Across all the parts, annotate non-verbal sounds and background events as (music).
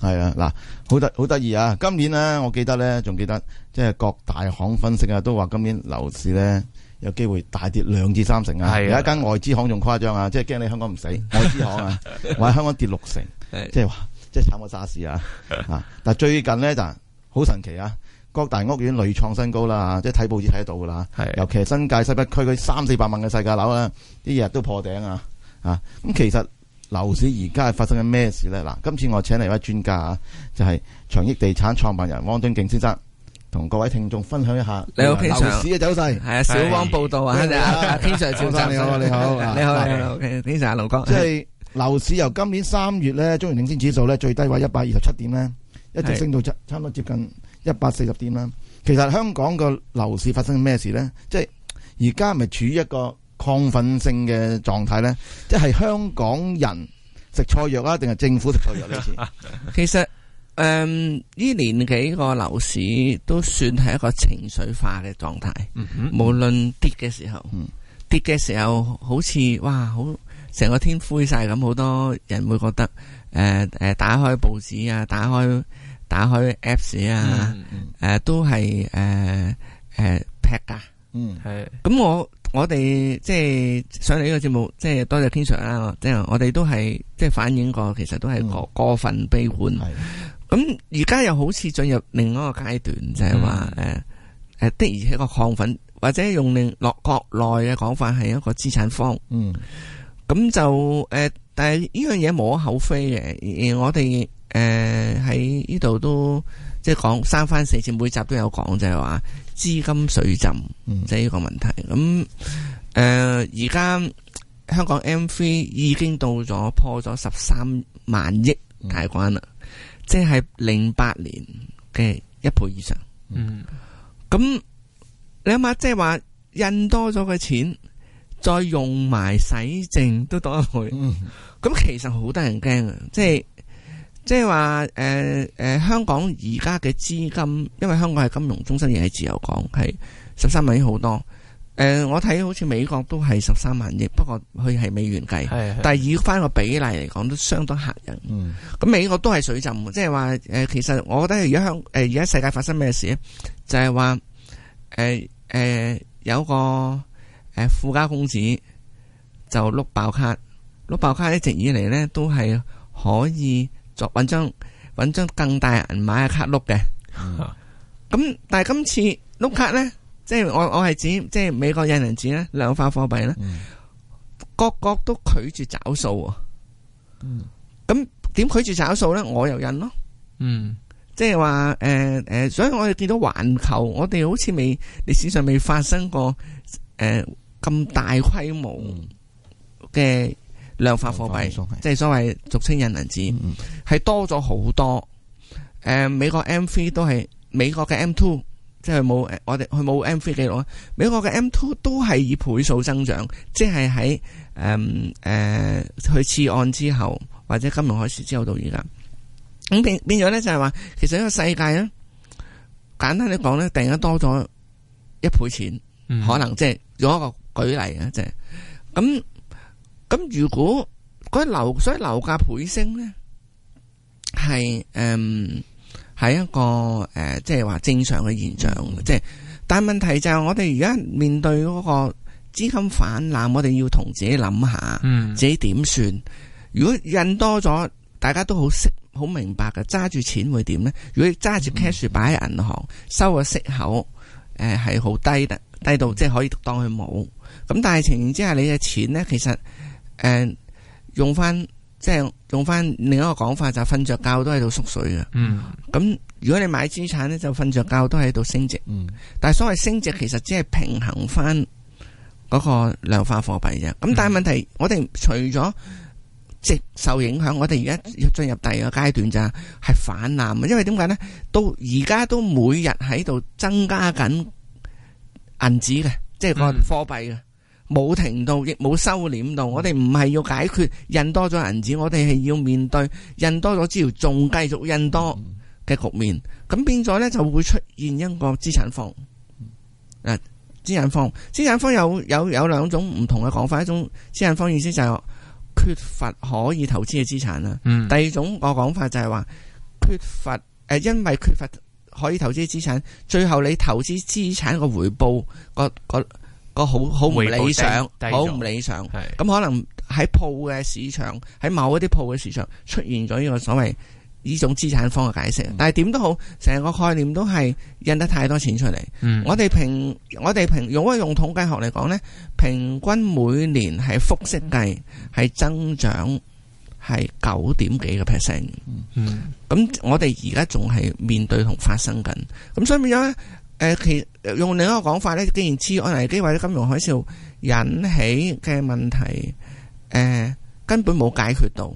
係啊，嗱，好得好得意啊！今年咧，我記得咧，仲記得，即係各大行分析啊，都話今年樓市咧有機會大跌兩至三成啊！啊有一間外資行仲誇張啊，即係驚你香港唔死， (laughs) 外資行啊，話香港跌六成，是即係話即係慘過沙士啊！啊，但係最近咧就好神奇啊，各大屋苑屢創新高啦，即係睇報紙睇得到噶啦，啊、尤其新界西北區嗰三四百萬嘅世界樓咧，日日都破頂啊！啊，咁其實。樓市而家係發生緊咩事咧？嗱，今次我請嚟一位專家啊，就係、是、長益地產創辦人汪敦敬先生，同各位聽眾分享一下。你好，King Sir。樓市嘅走勢係常啊，小汪報道啊，King Sir 先生你好，你好， (laughs) 你好，King Sir 啊，劉、啊 okay, 哥。即係樓市由今年三月咧，中原領先指數咧最低位一百二十七點咧，是一直升到差差唔多接近一百四十點啦。其實香港個樓市發生咩事咧？即係而家咪處於一個。亢奮性嘅狀態呢，即係香港人食錯藥啊，定係政府食錯藥呢次？ (laughs) (laughs) 其實，誒、嗯、呢年幾個樓市都算係一個情緒化嘅狀態。嗯、哼無論跌嘅時候，跌嘅時候好似哇，好成個天灰晒咁，好多人會覺得，誒、呃、誒，打開報紙啊，打開打開 Apps 啊，誒、呃、都係誒誒劈價。嗯，係、 (laughs) 嗯。咁 (laughs) 我。我哋即係上嚟呢個節目，即係多謝 King Sir 啦。即係我哋都係即係反映過，其實都係過過分悲觀。咁而家又好似進入另一個階段，就係話誒誒，的、嗯、而且個亢奮，或者用另落國內嘅講法，係一個資產方。嗯，咁就誒，但係呢樣嘢冇可厚非嘅。而我哋誒喺呢度都即係講三番四次，每集都有講，就係話。資金水浸，即係呢個問題。咁、嗯，誒、嗯，而、呃、家香港 M3 已經到咗破咗十三萬億大關啦，嗯、即係零八年嘅一倍以上。嗯，咁你諗下，即係話印多咗嘅錢，再用埋洗淨都多一倍。咁、嗯、其實好得人驚啊！即係。即係話誒誒，香港而家嘅資金，因為香港係金融中心，亦係自由港，係十三萬億好多。誒、呃，我睇好似美國都係十三萬億，不過佢係美元計，但係以翻個比例嚟講都相當吓人。咁美國都係水浸，即係話誒，其實我覺得而家香誒而家世界發生咩事咧，就係話誒誒，有個誒富家公子就碌爆卡碌爆卡，一直以嚟咧都係可以。作揾張揾張更大銀碼嘅卡碌嘅，咁、嗯、 (laughs) 但係今次碌卡咧， (laughs) 即係我我係指即係美國印銀紙咧，量化貨幣咧，嗯、各國都拒絕找數啊！咁點、嗯、拒絕找數咧？我又印咯，嗯、即係話誒誒，所以我哋見到環球，我哋好似未歷史上未發生過誒咁、呃、大規模嘅。嗯嗯量化貨幣， (music) 即係所謂俗稱印銀紙，係 (music) 多咗好多。誒、呃，美國 M3 都係美國嘅 M2，即係冇我哋佢冇 M3 記錄啊。美國嘅 M2 都係以倍數增長，即係喺誒誒佢次按之後，或者金融海嘯之後到而家，咁變變咗咧就係話，其實呢個世界咧，簡單啲講咧，突然間多咗一倍錢， (music) 可能即係用一個舉例啊，即係咁。咁如果嗰樓所以樓價倍升咧，係誒係一個誒即係話正常嘅現象，即係、嗯、但係問題就係、是、我哋而家面對嗰個資金泛濫，我哋要同自己諗下，自己點算？嗯、如果印多咗，大家都好識好明白㗎，揸住錢會點咧？如果揸住 cash 擺喺銀行，收個息口誒係好低，低到即係可以當佢冇。咁但係情形之下，你嘅錢咧，其實。誒，嗯嗯、用翻即係用翻另一個講法就係瞓着覺都喺度縮水嘅，咁、嗯、如果你買資產咧就瞓着覺都喺度升值，嗯、但係所謂升值其實只係平衡翻嗰個量化貨幣啫。咁、嗯、但係問題我哋除咗即、就是、受影響，我哋而家要進入第二個階段咋，係泛濫，因為點解咧？都而家都每日喺度增加緊銀紙嘅，即係嗰個貨幣嘅。嗯冇停到，亦冇收斂到。我哋唔係要解決印多咗銀紙，我哋係要面對印多咗之後，仲繼續印多嘅局面。咁變咗呢，就會出現一個資產荒。誒，資產荒，資產荒有有有兩種唔同嘅講法。一種資產荒意思就係缺乏可以投資嘅資產啦。嗯、第二種個講法就係話缺乏誒，因為缺乏可以投資嘅資產，最後你投資資產個回報個。個好好唔理想，好唔理想，咁是可能喺鋪嘅市場，喺某一啲鋪嘅市場出現咗呢個所謂呢種資產方嘅解釋。嗯、但係點都好，成個概念都係印得太多錢出嚟。嗯、我哋平，我哋平用一用統計學嚟講呢，平均每年係複息計係增長係九點幾個 percent。咁、嗯、我哋而家仲係面對同發生緊。咁所以變咗咧，誒、呃、其。用另一個講法咧，既然次按危機或者金融海嘯引起嘅問題，誒、呃、根本冇解決到，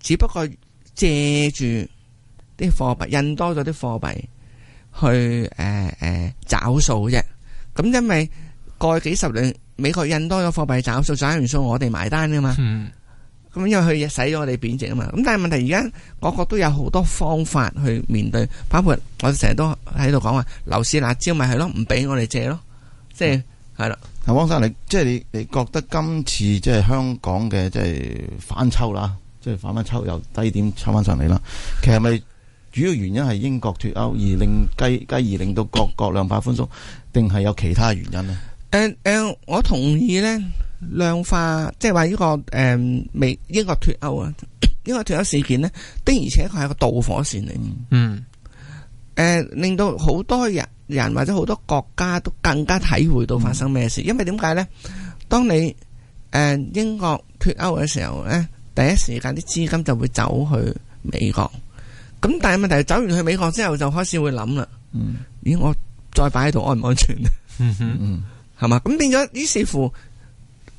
只不過借住啲貨幣印多咗啲貨幣去誒誒、呃呃、找數啫。咁因為過去幾十年美國印多咗貨幣找數，找完數我哋埋單噶嘛。嗯咁因為佢使咗我哋貶值啊嘛，咁但係問題而家我覺得都有好多方法去面對，包括我成日都喺度講話，樓市辣椒咪係咯，唔俾我哋借咯，即係係啦。阿汪生，你即係你，你覺得今次即係香港嘅即係反抽啦，即係反翻抽又低點抽翻上嚟啦，其實咪主要原因係英國脱歐而令繼繼而令到各國量化寬鬆，定係有其他原因呢？誒誒，我同意咧。量化即係話呢個誒、呃、美英國脱歐啊，英國脱歐 (coughs) 事件呢，的而且確係個導火線嚟。嗯，誒、呃、令到好多人人或者好多國家都更加體會到發生咩事，因為點解呢？當你誒、呃、英國脱歐嘅時候呢，第一時間啲資金就會走去美國。咁但係問題係走完去美國之後，就開始會諗啦、 (laughs) 嗯。嗯，咦，我再擺喺度安唔安全啊？嗯係嘛？咁變咗於是乎。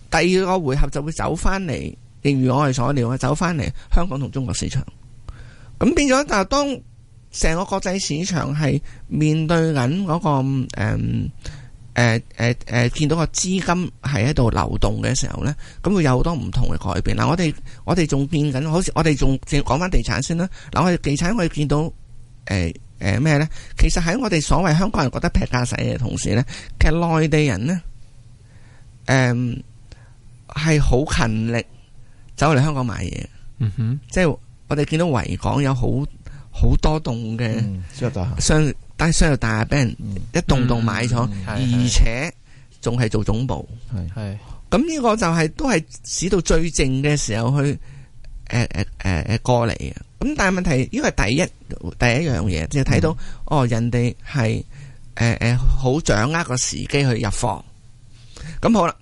第二個回合就會走翻嚟，正如我哋所料啊，走翻嚟香港同中國市場，咁變咗。但係當成個國際市場係面對緊嗰、那個誒誒誒誒，見到個資金係喺度流動嘅時候咧，咁會有好多唔同嘅改變。嗱、啊，我哋我哋仲變緊，好似我哋仲正講翻地產先啦。嗱、啊，我哋地產我哋見到誒誒咩咧？其實喺我哋所謂香港人覺得劈價使嘅同時咧，其實內地人咧誒。嗯係好勤力走嚟香港買嘢，即係、嗯、哼我哋見到維港有好好多棟嘅商但係商業大廈俾人一棟棟買咗，嗯嗯嗯、而且仲係做總部。係係咁呢個就係、是、都係使到最靜嘅時候去誒誒誒過嚟嘅。咁但係問題呢、這個係第一第一樣嘢，就睇、嗯、到哦，人哋係誒誒好掌握個時機去入貨咁好啦，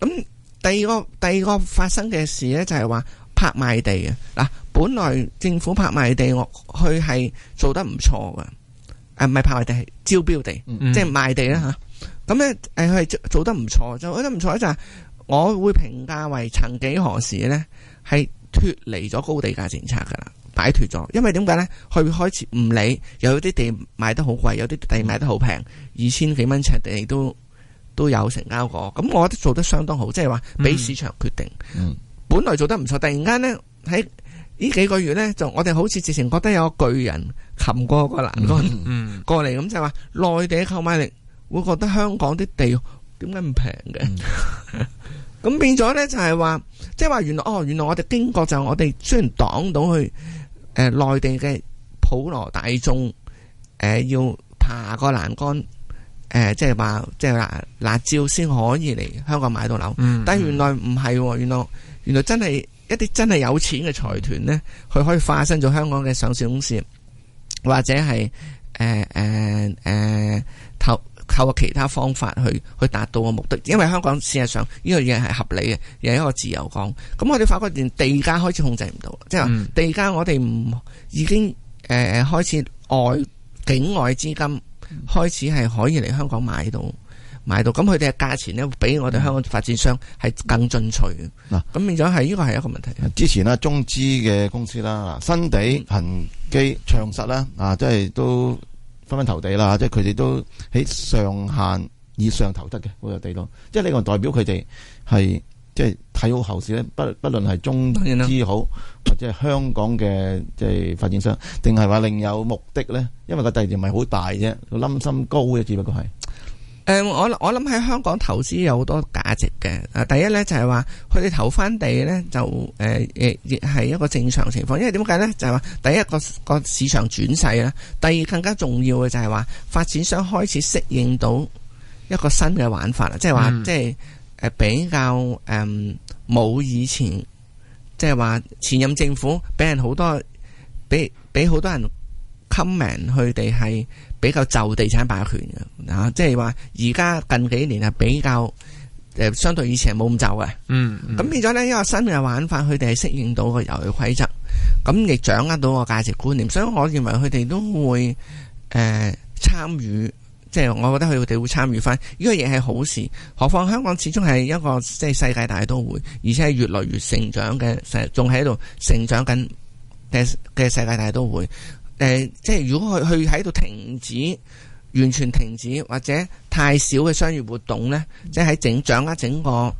咁。第二個第二個發生嘅事咧，就係話拍賣地啊！嗱，本來政府拍賣地，我佢係做得唔錯噶，誒唔係拍賣地係招標地，嗯、即係賣地啦吓。咁咧、嗯，誒佢係做得唔錯，做得唔錯就係我會評價為曾幾何時咧係脫離咗高地價政策噶啦，擺脫咗。因為點解咧？佢開始唔理有啲地賣得好貴，有啲地賣得好平，二千幾蚊尺地都。嗯都有成交過，咁我覺得做得相當好，即係話俾市場決定。嗯、本來做得唔錯，突然間呢，喺呢幾個月呢，就我哋好似直情覺得有個巨人擒過個欄杆過嚟咁，嗯嗯、就係話內地購買力會覺得香港啲地點解唔平嘅？咁、嗯、 (laughs) 變咗呢，就係、是、話，即係話原來哦，原來我哋經過就我哋雖然擋到去誒、呃、內地嘅普羅大眾誒、呃、要爬個欄杆。誒、呃，即係話，即係辣辣椒先可以嚟香港買到樓，嗯嗯、但係原來唔係，原來原來真係一啲真係有錢嘅財團呢，佢可以化身做香港嘅上市公司，或者係誒誒誒，投、呃呃、透，透過其他方法去去達到嘅目的，因為香港事實上呢樣嘢係合理嘅，又一個自由港。咁我哋發覺連地價開始控制唔到，嗯、即係地價我哋唔已經誒、呃、開始外境外資金。開始係可以嚟香港買到買到，咁佢哋嘅價錢咧，比我哋香港發展商係更進取嘅。嗱、嗯，咁變咗係呢個係一個問題。之前啦，中資嘅公司啦，新地、恒基、長實啦，啊，即係都紛紛投地啦，即係佢哋都喺上限以上投得嘅嗰個地攤，即係呢個代表佢哋係。即係睇好後市咧，不不論係中資好，或者係香港嘅即係發展商，定係話另有目的咧？因為個地段唔係好大啫，個冧心高嘅，只不過係。誒、嗯，我我諗喺香港投資有好多價值嘅。啊，第一咧就係話佢哋投翻地咧就誒誒亦係一個正常情況，因為點解咧？就係、是、話第一個個市場轉勢啦，第二更加重要嘅就係話發展商開始適應到一個新嘅玩法啦，即係話即係。係比較誒冇、嗯、以前，即係話前任政府俾人好多，俾俾好多人 comment 佢哋係比較就地產霸權嘅嗱、啊，即係話而家近幾年係比較誒、呃、相對以前係冇咁就嘅，嗯，咁變咗咧一個新嘅玩法，佢哋係適應到個遊戲規則，咁亦掌握到個價值觀念，所以我認為佢哋都會誒、呃、參與。即係我覺得佢哋會參與返，呢、這個亦係好事。何況香港始終係一個即係世界大都會，而且係越來越成長嘅，仲喺度成長緊嘅世界大都會。誒、呃，即係如果佢佢喺度停止，完全停止或者太少嘅商業活動呢，即係喺整掌握整個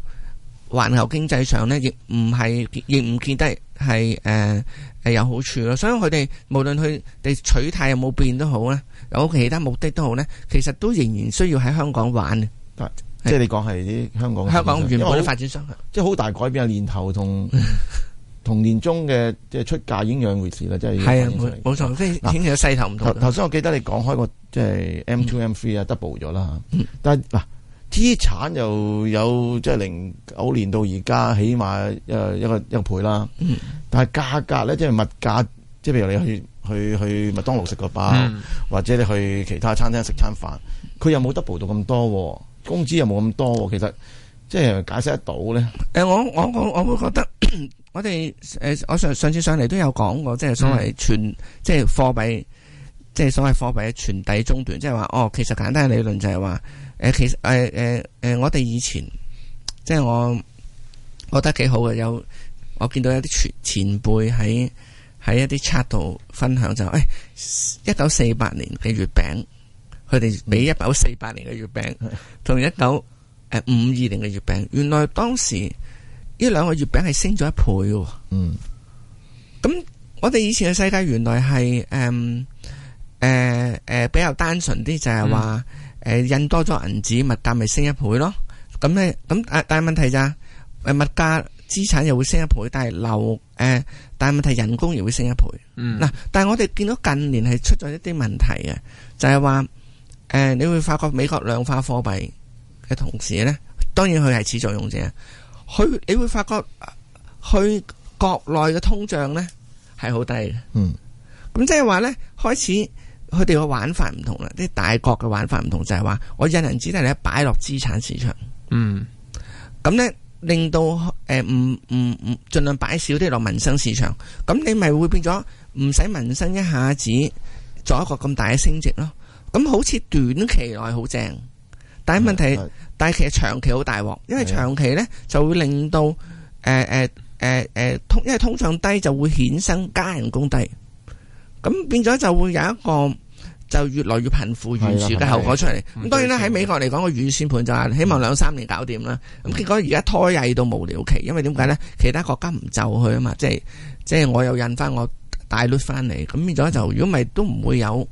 環球經濟上呢，亦唔係亦唔見得。係誒誒有好處咯，所以佢哋無論佢哋取態有冇變都好咧，有其他目的都好咧，其實都仍然需要喺香港玩。但即係你講係啲香港香港原本嘅發展商即係好大改變嘅年頭同同年中嘅即係出價已經兩回事啦，即係係啊，冇錯， (laughs) 即係已經有勢頭唔同。頭先 (laughs) 我記得你講開個即係 M two M three、嗯、雷啊，double 咗啦吓，但係嗱。資產又有即係零九年到而家，起碼誒一個一倍啦。但係價格咧，即係物價，即係譬如你去去去麥當勞食個包，或者你去其他餐廳食餐飯，佢又冇 double 到咁多，工資又冇咁多，其實即係解釋得到咧。誒、欸，我我我我會覺得，我哋誒我上上次上嚟都有講過，即係所謂傳、嗯、即係貨幣，即係所謂貨幣嘅傳遞中斷，即係話哦，其實簡單嘅理論就係、是、話。誒，其實誒誒誒，我哋以前即係我，我覺得幾好嘅。有我見到有啲前前輩喺喺一啲 chat 度分享就，誒、哎，一九四八年嘅月餅，佢哋比一九四八年嘅月餅，同一九誒五二年嘅月餅，原來當時呢兩個月餅係升咗一倍嘅。嗯，咁我哋以前嘅世界原來係誒誒誒，比較單純啲就係、是、話。嗯呃、印多咗銀紙，物價咪升一倍咯？咁咧，咁但係問題就係，物價資產又會升一倍，但係流誒、呃，但係問題人工又會升一倍。嗯，嗱、啊，但係我哋見到近年係出咗一啲問題嘅，就係、是、話，誒、呃，你會發覺美國量化貨幣嘅同時咧，當然佢係始作俑者，佢你會發覺佢國內嘅通脹咧係好低嘅。嗯，咁即係話咧開始。佢哋個玩法唔同啦，啲大國嘅玩法唔同就係話，我引人指帶你擺落資產市場，嗯，咁呢，令到誒唔唔盡量擺少啲落民生市場，咁你咪會變咗唔使民生一下子做一個咁大嘅升值咯，咁好似短期內好正，但係問題，嗯、但係其實長期好大鑊，因為長期呢就會令到誒誒誒誒通，因為通脹低就會衍生加人工低，咁變咗就會有一個。就越嚟越貧富懸殊嘅後果出嚟。咁當然啦，喺美國嚟講個預算盤就係希望兩三年搞掂啦。咁結果而家拖曳到無了期，因為點解咧？其他國家唔就佢啊嘛，即係即係我又印翻我大率翻嚟。咁變咗就如果咪都唔會有，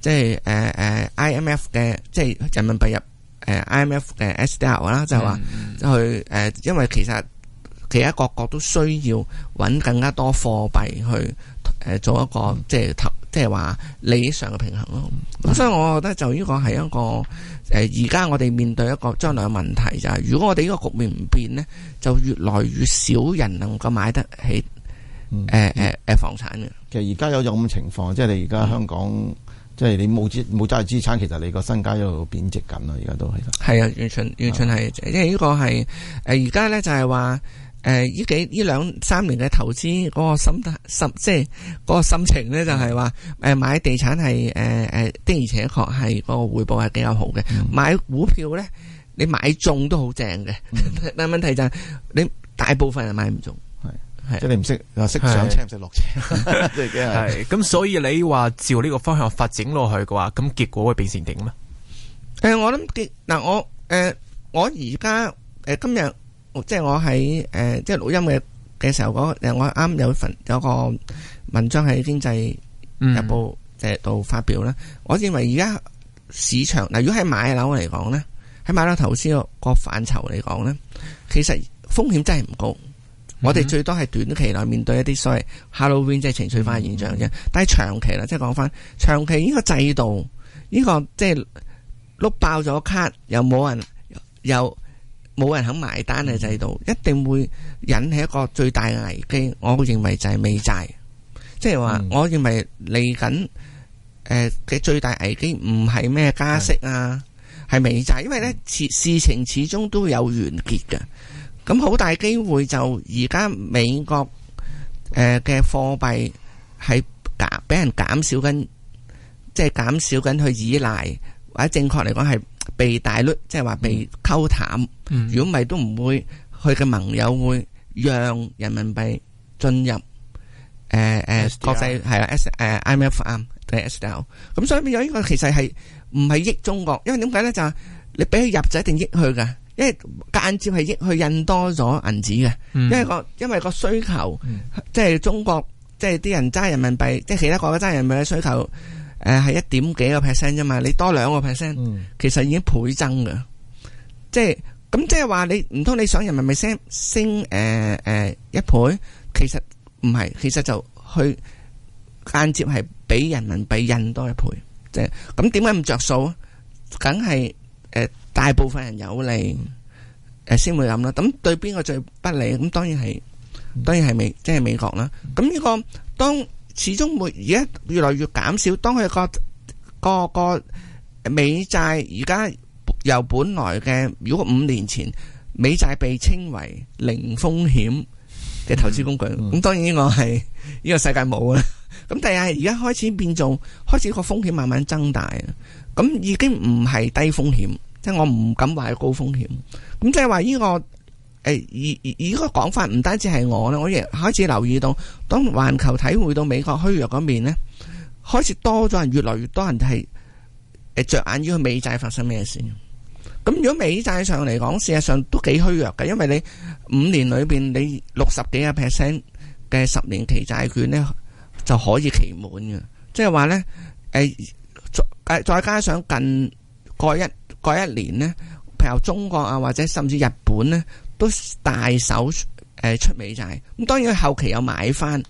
即係誒誒 IMF 嘅即係人民幣入誒 IMF 嘅 SDR 啦，呃、DR，就係話去誒，的嗯、因為其實其他各國都需要揾更加多貨幣去誒做一個即係、嗯嗯即係話利益上嘅平衡咯，咁、嗯、所以我覺得就呢個係一個誒，而、呃、家我哋面對一個將來嘅問題就係，如果我哋呢個局面唔變咧，就越來越少人能夠買得起誒誒誒房產嘅。嗯嗯嗯嗯、其實而家有咁嘅情況，即係你而家香港，即、就、係、是、你冇資冇揸住資產，其實你個身家喺度貶值緊啊！而家都係，係啊，完全完全係，即係呢個係誒而家咧就係話。誒，呢幾呢兩三年嘅投資嗰個心態心，即係嗰個心情咧，就係話，誒買地產係誒誒的而且確係嗰個回報係比較好嘅，買股票咧，你買中都好正嘅，但係問題就係你大部分人買唔中，係係即係你唔識，又識上車唔識落車，係咁所以你話照呢個方向發展落去嘅話，咁結果會變成點咩？誒，我諗結嗱我誒我而家誒今日。即係我喺誒，即係錄音嘅嘅時候，我啱有份有個文章喺《經濟日報》誒度發表啦。嗯、我認為而家市場嗱，如果喺買樓嚟講咧，喺買樓投資個個範疇嚟講咧，其實風險真係唔高。嗯、我哋最多係短期內面對一啲所謂 Halloween 即係情緒化現象啫。嗯、但係長期咧，即係講翻長期呢個制度呢、這個即係碌爆咗卡又冇人又。冇人肯埋單嘅制度，一定會引起一個最大嘅危機。我認為就係美債，即係話，嗯、我認為嚟緊誒嘅最大危機唔係咩加息啊，係美、嗯、債。因為呢事事情始終都有完結嘅，咁好大機會就而家美國誒嘅貨幣係減，俾人減少緊，即係減少緊去依賴，或者正確嚟講係。被大率，即係話被溝淡，如果唔係都唔會，佢嘅盟友會讓人民幣進入誒誒國際係啦，誒 IMF m 即誒 S 道，咁所以變咗呢個其實係唔係益中國，因為點解咧就係、是、你俾佢入就一定益佢㗎，因為間接係益佢印多咗銀紙嘅，因為個因為個需求即係、嗯、中國即係啲人揸人，人民幣，即、就、係、是、其他國家揸人民幣嘅需求。誒，係一點幾個 percent 啫嘛，你多兩個 percent，其實已經倍增噶，即係咁即係話你唔通你想人民幣升升誒誒一倍，其實唔係，其實就去間接係俾人民幣印多一倍，即係咁點解唔着數啊？梗係誒大部分人有利誒先會諗啦，咁對邊個最不利？咁當然係當然係美即係美國啦，咁呢個當。始終會而家越嚟越減少。當佢個個個美債而家由本來嘅，如果五年前美債被稱為零風險嘅投資工具，咁 (laughs) 當然呢個係呢個世界冇啦。咁但係，而家開始變做，開始個風險慢慢增大啊。咁已經唔係低風險，即係我唔敢話係高風險。咁即係話呢個。誒，而而而個講法唔單止係我咧，我亦開始留意到，當環球體會到美國虛弱嗰面咧，開始多咗人，越嚟越多人係誒著眼於去美債發生咩事。咁如果美債上嚟講，事實上都幾虛弱嘅，因為你五年裏邊你六十幾個 percent 嘅十年期債券咧就可以期滿嘅，即係話咧誒，再再加上近過一過一年咧，譬如中國啊，或者甚至日本咧。都大手誒出美債咁，當然後期又買翻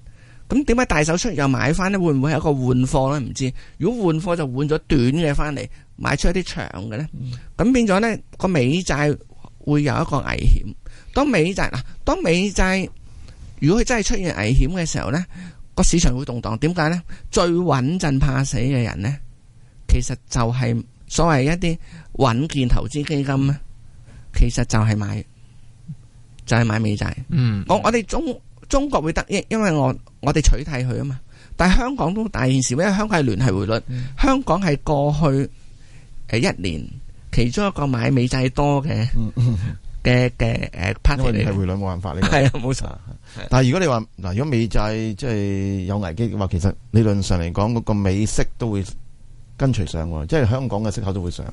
咁，點解大手出又買翻呢？會唔會係一個換貨咧？唔知如果換貨就換咗短嘅翻嚟，買出一啲長嘅呢。咁變咗呢，個美債會有一個危險。當美債嗱，當美債如果佢真係出現危險嘅時候呢，個市場會動蕩。點解呢？最穩陣怕死嘅人呢，其實就係所謂一啲穩健投資基金咧，其實就係買。就係買美債。我我哋中中國會得益，因為我我哋取替佢啊嘛。但係香港都大件事，因為香港係聯繫匯率。香港係過去誒一年其中一個買美債多嘅嘅嘅誒 part 嚟嘅。因為聯繫匯率冇辦法，呢係啊，冇錯。但係如果你話嗱，如果美債即係有危機嘅話，其實理論上嚟講，嗰個美息都會跟隨上喎，即係香港嘅息口都會上。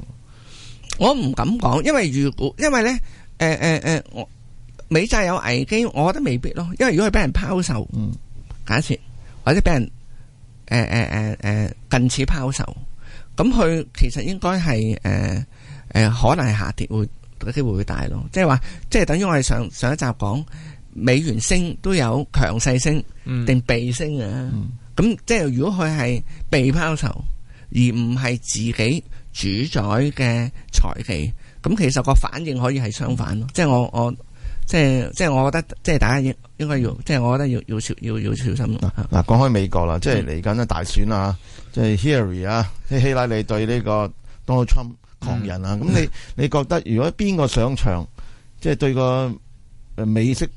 我唔敢講，因為如果因為咧，誒誒誒我。美債有危機，我覺得未必咯，因為如果佢俾人拋售，假設或者俾人誒誒誒誒近似拋售，咁佢其實應該係誒誒可能係下跌會，會嘅機會會大咯。即係話，即係等於我哋上上一集講美元升都有強勢升定被升啊。咁、嗯、即係如果佢係被拋售而唔係自己主宰嘅財技，咁其實個反應可以係相反咯。嗯、即係我我。我即係即係，我覺得即係大家應應該要，即係我覺得要要要要小心。嗱、啊，講開美國啦，嗯、即係嚟緊咧大選啊，即、就、係、是、Hillary 啊，希希拉里對呢個 Donald Trump 狂人啊，咁、嗯、你、嗯、你覺得如果邊個上場，即係對個誒美式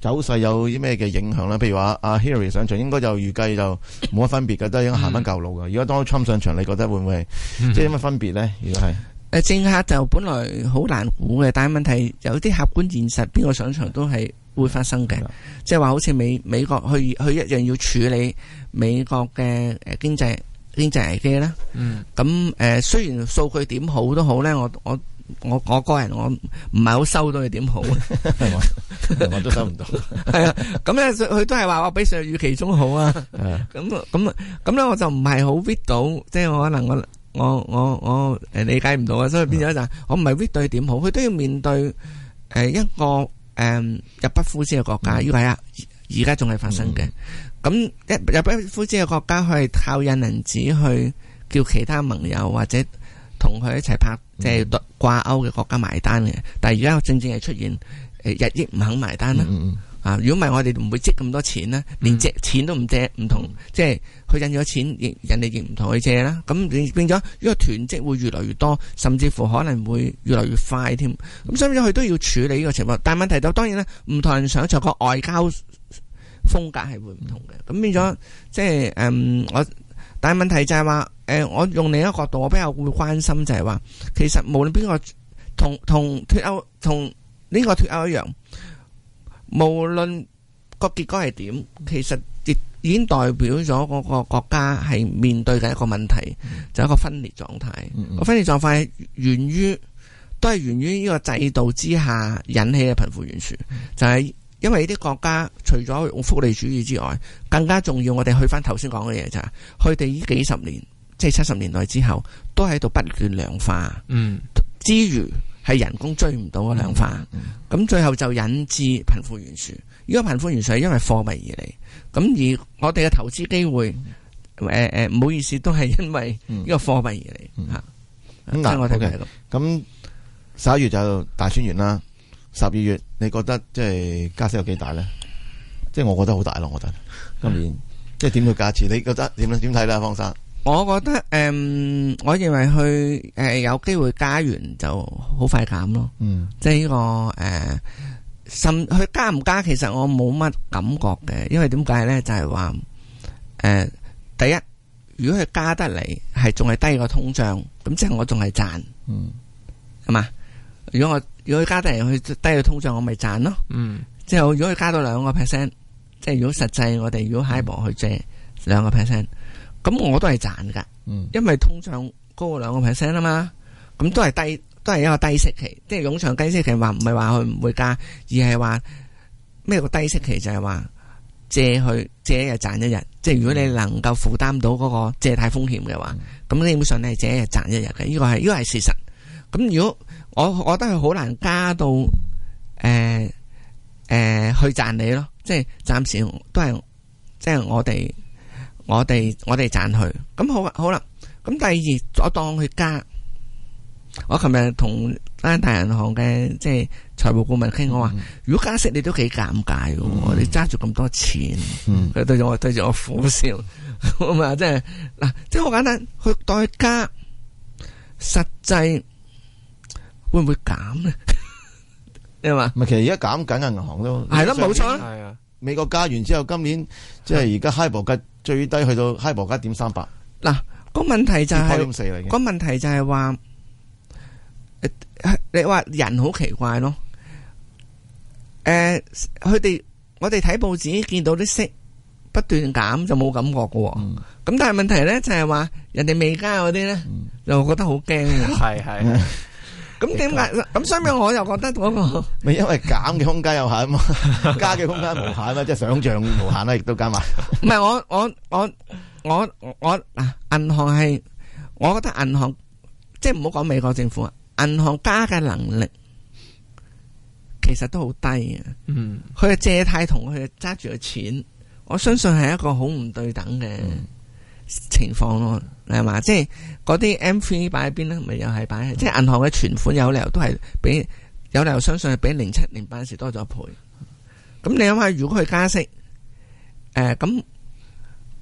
走勢有啲咩嘅影響咧？譬如話阿 Hillary 上場應該，嗯、應該就預計就冇乜分別噶，都係應該行翻舊路噶。如果 Donald Trump 上場，你覺得會唔會即係有乜分別咧？如果係？嗯嗯誒，政客就本來好難估嘅，但係問題有啲客觀現實，邊個上場都係會發生嘅。即係話好似美美國去去一樣要處理美國嘅誒經濟經濟危機啦。嗯。咁誒，雖然數據點好都好咧，我我我我個人我唔係好收到佢點好。我都收唔到。係啊，咁咧佢都係話我比上預期中好啊。誒。咁啊咁啊咁咧，我就唔係好 read 到，即係我可能我。我我我誒理解唔到啊，所以變咗。就、嗯、我唔係 wit 對點好，佢都要面對誒一個誒入、呃、不敷支嘅國家，依位啊，而家仲係發生嘅。咁一入不敷支嘅國家佢係靠印銀紙去叫其他盟友或者同佢一齊拍即係掛勾嘅國家埋單嘅，但係而家正正係出現誒日益唔肯埋單啦。嗯啊、嗯！如果唔係，我哋唔會積咁多錢咧，連借錢都唔借，唔同即係佢印咗錢，亦人哋亦唔同佢借啦。咁變變咗，呢個囤積會越嚟越多，甚至乎可能會越嚟越快添。咁所以佢都要處理呢個情況。但係問題就當然咧，唔同人上場個外交風格係會唔同嘅。咁、嗯、變咗即係誒、呃，我但係問題就係話誒，我用另一個角度，我比較會關心就係、是、話，其實無論邊個同同脫歐同呢個脫歐一樣。無論個結果係點，其實已已經代表咗嗰個國家係面對嘅一個問題，嗯、就一個分裂狀態。個、嗯嗯、分裂狀態係源於都係源於呢個制度之下引起嘅貧富懸殊。嗯、就係因為呢啲國家除咗用福利主義之外，更加重要我、就是，我哋去翻頭先講嘅嘢就係，佢哋呢幾十年即係七十年代之後，都喺度不斷量化，嗯，之餘。係人工追唔到嘅量化，咁、嗯嗯、最後就引致貧富懸殊。呢個貧富懸殊係因為貨幣而嚟，咁而我哋嘅投資機會，誒誒、嗯，唔、呃、好意思，都係因為呢個貨幣而嚟吓。咁嗱、嗯，咁十一月就大選完啦。十二月你覺得即係加息有幾大咧？即係 (laughs) 我覺得好大咯，我覺得今年 (laughs) 即係點去價錢，你覺得點咧？點睇咧，方生？我覺得，誒、嗯，我認為佢誒、呃、有機會加完就好快減咯。嗯、即、這個，即係呢個誒，甚佢加唔加，其實我冇乜感覺嘅，因為點解咧？就係、是、話，誒、呃，第一，如果佢加得嚟，係仲係低個通脹，咁即係我仲係賺。嗯，係嘛？如果我如果佢加得嚟，去低個通脹，我咪賺咯。嗯，即係如果佢加到兩個 percent，即係如果實際我哋、嗯、如果 hypo 去借兩個 percent。咁我都係賺噶因為通脹高個兩個 percent 啦嘛，咁都係低，都係一個低息期，即係涌上低息期，話唔係話佢唔會加，而係話咩個低息期就係話借佢借一日賺一日，即係如果你能夠負擔到嗰個借貸風險嘅話，咁基本上你係借一日賺一日嘅。呢、這個係呢、這個係事實。咁如果我我覺得係好難加到誒誒、呃呃、去賺你咯，即係暫時都係即係我哋。我哋我哋賺佢咁好啊，好啦，咁第二阻當去加，我琴日，同加拿大銀行嘅即係財務顧問傾，我話如果加息你都幾尷尬嘅。嗯、你揸住咁多錢，佢、嗯嗯、對住我對住我苦笑，咁啊即係嗱，即係好簡單去代加，實際會唔會減咧？你話其實而家減緊銀行咯，係咯冇錯，美國加完之後，今年即係而家 HIBOR。最低去到 HIBOR 加點三百。嗱、那，個問題就係、是、個問題就係、是、話、呃，你話人好奇怪咯。誒、呃，佢哋我哋睇報紙見到啲息不斷減就冇感覺噶，咁、嗯、但係問題咧就係、是、話，人哋未加嗰啲咧又覺得好驚。係係。咁點解？咁所以我又覺得嗰個咪因為減嘅空間有限啊嘛，加嘅空間無限啊，即係想象無限啦，亦都加埋。唔係我我我我我嗱，銀行係我覺得銀行即係唔好講美國政府啊，銀行加嘅能力其實都好低啊。嗯，佢嘅借貸同佢揸住嘅錢，我相信係一個好唔對等嘅情況咯，係嘛？即係嗰啲 M3 擺喺邊咧？咪又係擺喺即係銀行嘅存款，有理由都係俾有理由相信係比零七年八時多咗一倍。咁、嗯、你諗下，如果佢加息，誒，咁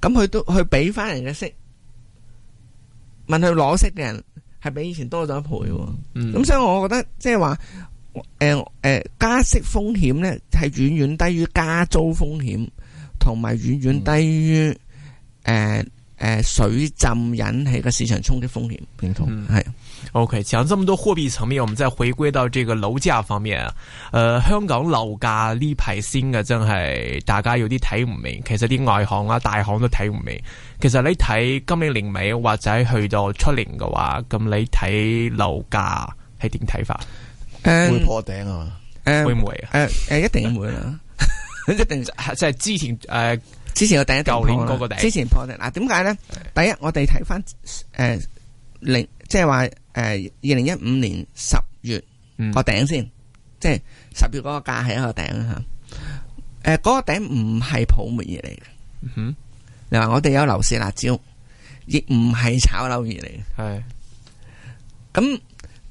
咁佢都去俾翻人嘅息，問佢攞息嘅人係比以前多咗一倍。咁、嗯、所以我覺得即係話，誒、呃、誒、呃呃、加息風險咧係遠遠低於加租風險，同埋遠遠低於誒。呃嗯誒，水浸引起嘅市場衝擊風險認通。係、嗯。是 OK，講咗咁多貨幣層面，我們再回歸到呢個樓價方面。誒、呃，香港樓價呢排先嘅真係，大家有啲睇唔明。其實啲外行啦、啊、大行都睇唔明。其實你睇今年年尾或者去到出年嘅話，咁你睇樓價係點睇法？嗯、會破頂啊？會唔會、啊？誒誒、嗯呃呃，一定會啊！ (laughs) 一定即係 (laughs) 之前誒。呃之前個頂舊年個頂，之前破頂嗱，點解咧？第一，我哋睇翻誒零，即係話誒二零一五年十月個頂先，即係十月嗰個價係一個頂吓。誒，嗰個頂唔係泡沫嘢嚟嘅，嗯哼。你話，我哋有樓市辣椒，亦唔係炒樓而嚟嘅。係咁，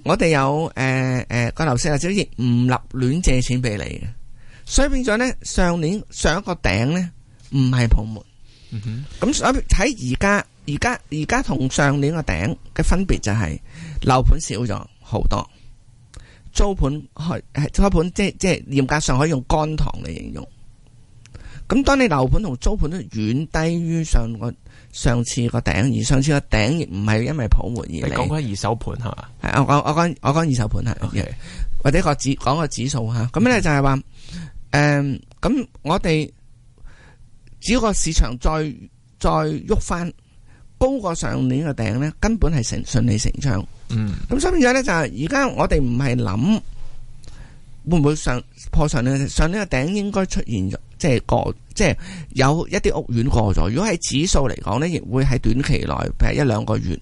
我哋有誒誒個樓市辣椒亦唔立亂借錢俾你嘅，所以變咗咧上年上一個頂咧。唔係泡沫，咁所以睇而家而家而家同上年個頂嘅分別就係樓盤少咗好多，租盤開誒，租盤即即係嚴格上可以用乾塘嚟形容。咁當你樓盤同租盤都遠低於上個上次個頂，而上次個頂亦唔係因為泡沫，而你講開二手盤係嘛？係我我我講我講二手盤係，Okay. 或者個指講個指數吓，咁咧就係話誒，咁、嗯哼嗯嗯、我哋。只要個市場再再喐翻，高過上年嘅頂咧，根本係成順理成章。嗯，咁所以變咧就係，而家我哋唔係諗會唔會上破上年頂上年嘅頂，應該出現即係過，即係有一啲屋苑過咗。如果喺指數嚟講咧，亦會喺短期內譬如一兩個月。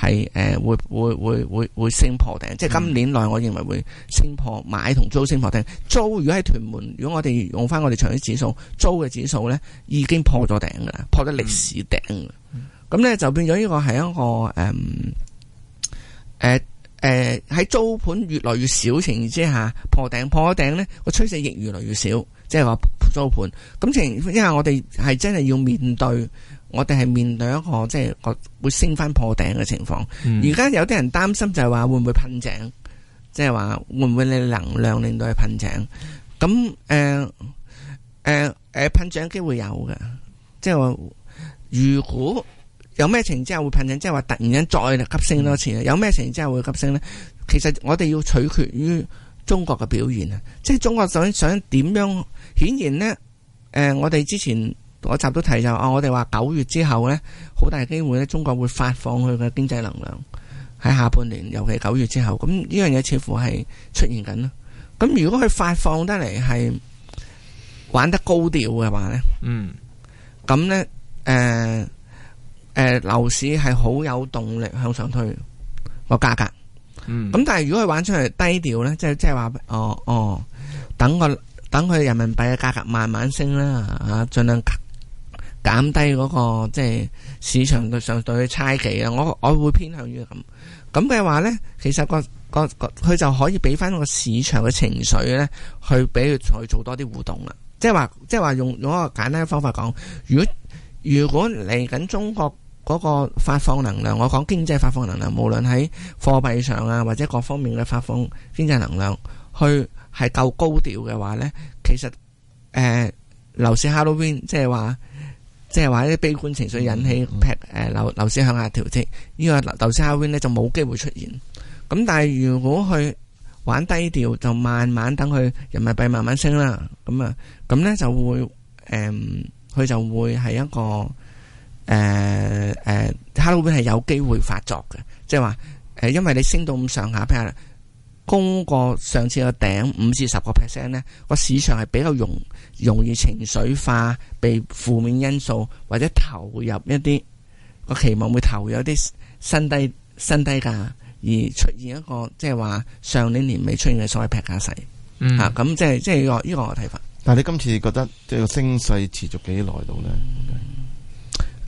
係誒、呃，會會會會會升破頂，即係今年內，我認為會升破買同租升破頂。租如果喺屯門，如果我哋用翻我哋長期指數，租嘅指數咧已經破咗頂噶啦，破咗歷史頂。咁咧、嗯、就變咗呢個係一個誒誒誒喺租盤越來越少情形之下，破頂破咗頂咧個趨勢亦越來越少，即係話租盤。咁情因為我哋係真係要面對。我哋係面對一個即係個會升翻破頂嘅情況，而家、嗯、有啲人擔心就係話會唔會噴井，即係話會唔會你能量令到佢噴井？咁誒誒誒噴井機會有嘅，即係話如果有咩情形之下會噴井，即係話突然間再急升多次，有咩情形之下會急升咧？其實我哋要取決於中國嘅表現啊！即係中國想想點樣？顯然咧，誒、呃、我哋之前。我集都提就哦，我哋話九月之後咧，好大機會咧，中國會發放佢嘅經濟能量喺下半年，尤其九月之後。咁呢樣嘢似乎係出現緊咯。咁如果佢發放得嚟係玩得高調嘅話咧，嗯，咁咧，誒、呃、誒，樓市係好有動力向上推個價格，嗯。咁但係如果佢玩出嚟低調咧，即係即係話哦哦，等個等佢人民幣嘅價格慢慢升啦，啊，盡量。減低嗰、那個即係市場對上對嘅猜忌啊，我我會偏向於咁咁嘅話呢，其實個佢就可以俾翻個市場嘅情緒呢去俾佢去做多啲互動啦。即係話，即係話用用一個簡單嘅方法講，如果如果嚟緊中國嗰個發放能量，我講經濟發放能量，無論喺貨幣上啊，或者各方面嘅發放經濟能量，去係夠高調嘅話呢，其實誒，樓市 Halloween 即係話。即係話啲悲觀情緒引起劈誒樓市向下調節，呢、這個樓樓市下 w i 咧就冇機會出現。咁但係如果去玩低調，就慢慢等佢人民幣慢慢升啦。咁啊，咁咧就會誒，佢、嗯、就會係一個誒誒，hello w 係有機會發作嘅。即係話誒，因為你升到咁上下，譬如。高過上次嘅頂五至十個 percent 咧，個市場係比較容容易情緒化，被負面因素或者投入一啲個期望，會投入一啲新低新低價，而出現一個即係話上年年尾出現嘅所謂劈價勢嚇，咁即係即係依個依個我嘅睇法。但係你今次覺得即係個升勢持續幾耐到咧？誒、嗯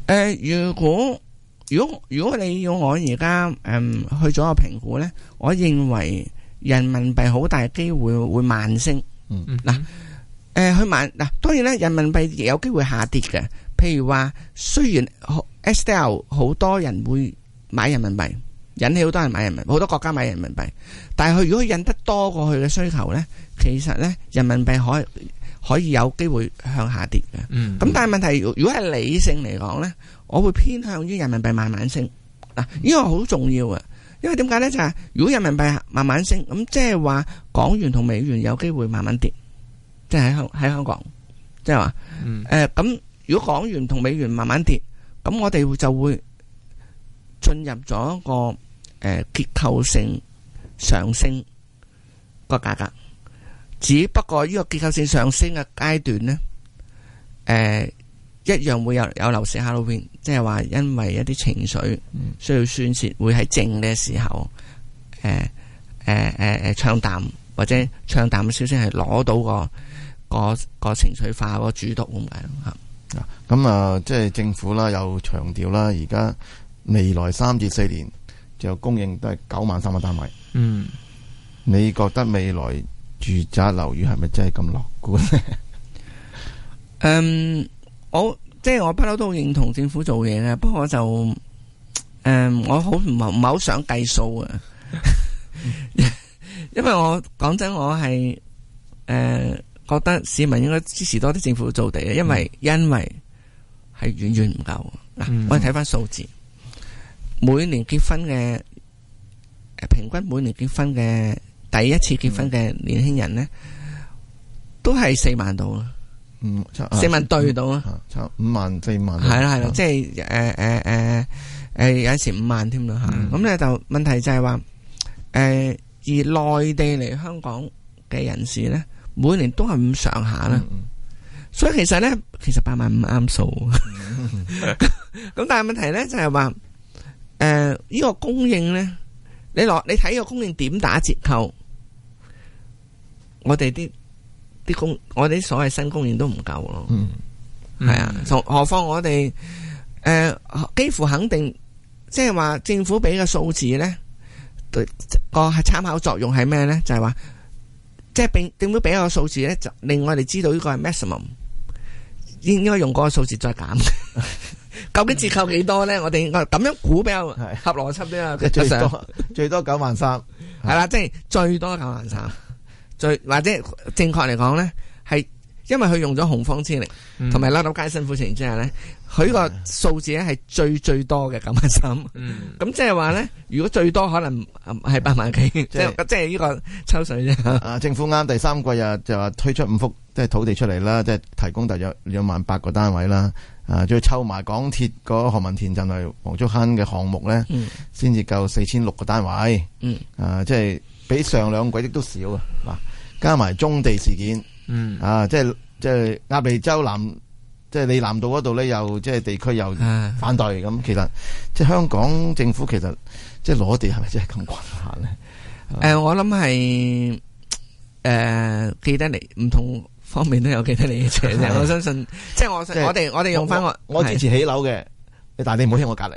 呃，如果如果如果你要我而家誒去做個評估咧，我認為。人民幣好大機會會慢升，嗱、嗯，誒、呃，佢慢嗱，當然咧，人民幣亦有機會下跌嘅。譬如話，雖然 S D L 好多人會買人民幣，引起好多人買人民幣，好多國家買人民幣，但係佢如果引得多過佢嘅需求咧，其實咧，人民幣可以可以有機會向下跌嘅。咁、嗯嗯、但係問題，如果係理性嚟講咧，我會偏向於人民幣慢慢升，嗱，呢個好重要嘅。因為點解咧就係、是、如果人民幣慢慢升，咁即係話港元同美元有機會慢慢跌，即係喺香喺香港，即係話，誒，咁如果港元同美元慢慢跌，咁我哋就會進入咗一個誒結構性上升個價格，只不過呢個結構性上升嘅階段咧，誒、呃。一樣會有有樓市 Halloween 即係話因為一啲情緒需要宣泄，會喺靜嘅時候，誒誒誒誒唱淡或者唱淡嘅消息係攞到個個個情緒化個主導咁解吓。咁啊，即係政府啦，又強調啦，而家未來三至四年就供應都係九萬三個單位。嗯，嗯你覺得未來住宅樓宇係咪真係咁樂觀咧？ (laughs) 嗯。我即係我不嬲都認同政府做嘢嘅，不過我就誒、呃，我好唔唔係好想計數啊， (laughs) 因為我講真，我係誒、呃、覺得市民應該支持多啲政府做地，因為、嗯、因為係遠遠唔夠嗱。我哋睇翻數字，每年結婚嘅平均每年結婚嘅第一次結婚嘅年輕人呢，嗯、都係四萬度。五差四萬對到啊，差五萬四萬係啦係啦，即係誒誒誒誒，有陣時五萬添啦吓，咁咧就問題就係話，誒而內地嚟香港嘅人士咧，每年都係咁上下啦，所以其實咧其實八萬五啱數，咁但係問題咧就係話，誒呢個供應咧，你落你睇個供應點打折扣，我哋啲。啲供我哋啲所謂新供應都唔夠咯，嗯，係 (noise) 啊，何何況我哋誒、呃、幾乎肯定，即係話政府俾嘅數字咧，個係參考作用係咩咧？就係、是、話，即係並點都俾個數字咧，就令我哋知道呢個係 maximum，應該用嗰個數字再減， (laughs) 究竟折扣幾多咧？我哋應該咁樣估比較合邏輯啲啊，最多最多九萬三，係啦，即係最多九萬三。最或者正確嚟講咧，係因為佢用咗洪荒之力同埋粒到街辛苦情之下咧，佢個數字咧係最最多嘅九萬三。咁即係話咧，如果最多可能係八萬幾，嗯、即係即係呢個抽水啫。啊，政府啱第三季呀就話推出五幅即係土地出嚟啦，即係提供大約兩萬八個單位啦。啊，仲要抽埋港鐵嗰個何文田陣內黃竹坑嘅項目咧，先至夠四千六個單位。啊，即係比上兩季亦都少啊。啊啊加埋中地事件，啊、就是，即係即係亞美州南，即係你南道嗰度咧，又即係地區又反對咁。其實即係香港政府，其實即係攞地係咪真係咁困難咧？誒、呃，我諗係誒，記得你，唔 (noise) 同方面都有記得你。嘅 (noise) 是我相信，即係、 (noise) 就是、我我哋我哋用翻我，我支持起樓嘅。是但係你唔好喺我隔籬，